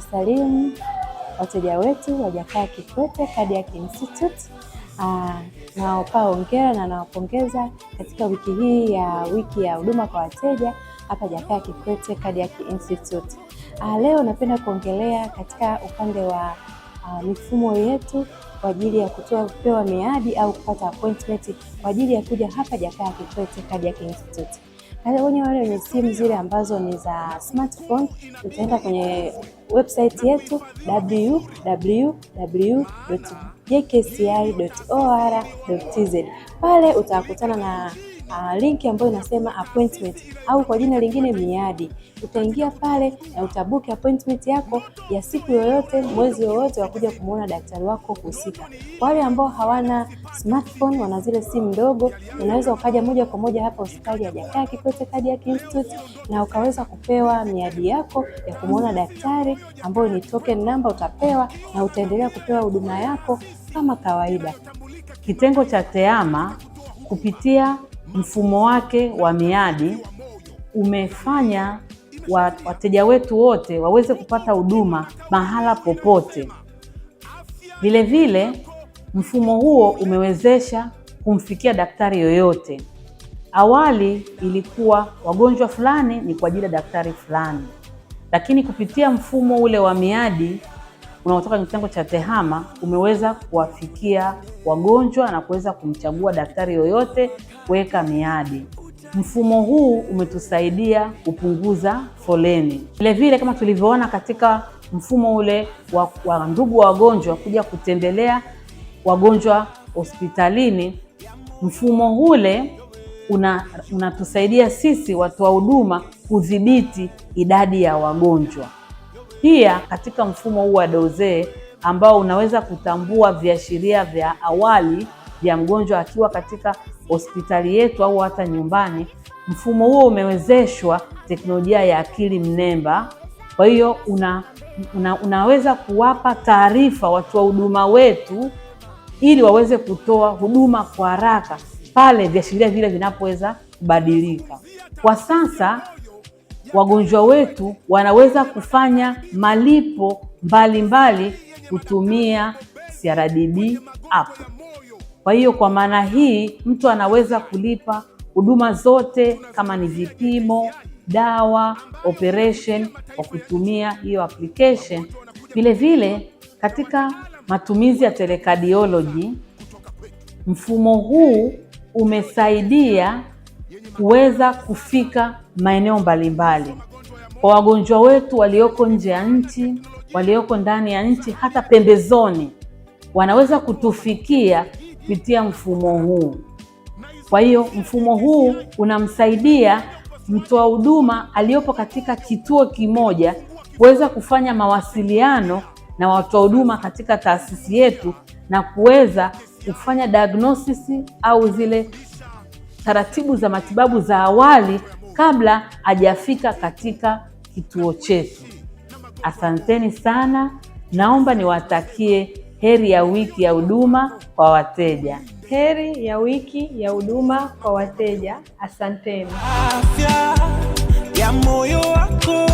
tunawasalimu wateja wetu Wajakaa Kikwete Cardiac Institute ah, nawapaa hongera na nawapongeza katika wiki hii ya wiki ya huduma kwa wateja hapa Jakaya Kikwete Cardiac Institute. Aa, ah, leo napenda kuongelea katika upande wa uh, mifumo yetu kwa ajili ya kutoa kupewa miadi au kupata appointment kwa ajili ya kuja hapa Jakaya Kikwete Cardiac Institute. Wenye wale wenye simu zile ambazo ni za smartphone, utaenda kwenye website yetu www.jkci.or.tz. Pale utakutana na uh, linki ambayo inasema appointment au kwa jina lingine miadi. Utaingia pale na utabuki appointment yako ya siku yoyote, mwezi yoyote wa kuja kumuona daktari wako husika. Kwa wale ambao hawana smartphone, wana zile simu ndogo, unaweza ukaja moja kwa moja hapa hospitali ya Jakaya Kikwete Cardiac Institute na ukaweza kupewa miadi yako ya kumuona daktari ambayo ni token number utapewa, na utaendelea kupewa huduma yako kama kawaida. Kitengo cha TEHAMA kupitia mfumo wake wa miadi umefanya wateja wetu wote waweze kupata huduma mahala popote. Vilevile mfumo huo umewezesha kumfikia daktari yoyote. Awali ilikuwa wagonjwa fulani ni kwa ajili ya daktari fulani, lakini kupitia mfumo ule wa miadi unaotoka kitengo cha TEHAMA umeweza kuwafikia wagonjwa na kuweza kumchagua daktari yoyote kuweka miadi. Mfumo huu umetusaidia kupunguza foleni. Vilevile, kama tulivyoona katika mfumo ule wa, wa ndugu wa wagonjwa kuja kutembelea wagonjwa hospitalini, mfumo ule unatusaidia una sisi watoa huduma kudhibiti idadi ya wagonjwa. Pia katika mfumo huu wa dozee ambao unaweza kutambua viashiria vya awali vya mgonjwa akiwa katika hospitali yetu au hata nyumbani, mfumo huo umewezeshwa teknolojia ya akili mnemba. Kwa hiyo una, una, unaweza kuwapa taarifa wa huduma wetu ili waweze kutoa huduma kwa haraka pale viashiria vile vinapoweza kubadilika. Kwa sasa wagonjwa wetu wanaweza kufanya malipo mbalimbali mbali kutumia CRDB app. Kwa hiyo kwa maana hii mtu anaweza kulipa huduma zote kama ni vipimo, dawa, operation kwa kutumia hiyo application. Vile vile katika matumizi ya telecardiology, mfumo huu umesaidia kuweza kufika maeneo mbalimbali kwa wagonjwa wetu walioko nje ya nchi, walioko ndani ya nchi, hata pembezoni, wanaweza kutufikia kupitia mfumo huu. Kwa hiyo mfumo huu unamsaidia mtoa huduma aliyopo katika kituo kimoja kuweza kufanya mawasiliano na watoa huduma katika taasisi yetu na kuweza kufanya diagnosis au zile taratibu za matibabu za awali kabla hajafika katika kituo chetu. Asanteni sana. Naomba niwatakie heri ya wiki ya huduma kwa wateja. Heri ya wiki ya huduma kwa wateja. Asanteni. Afya ya moyo wako.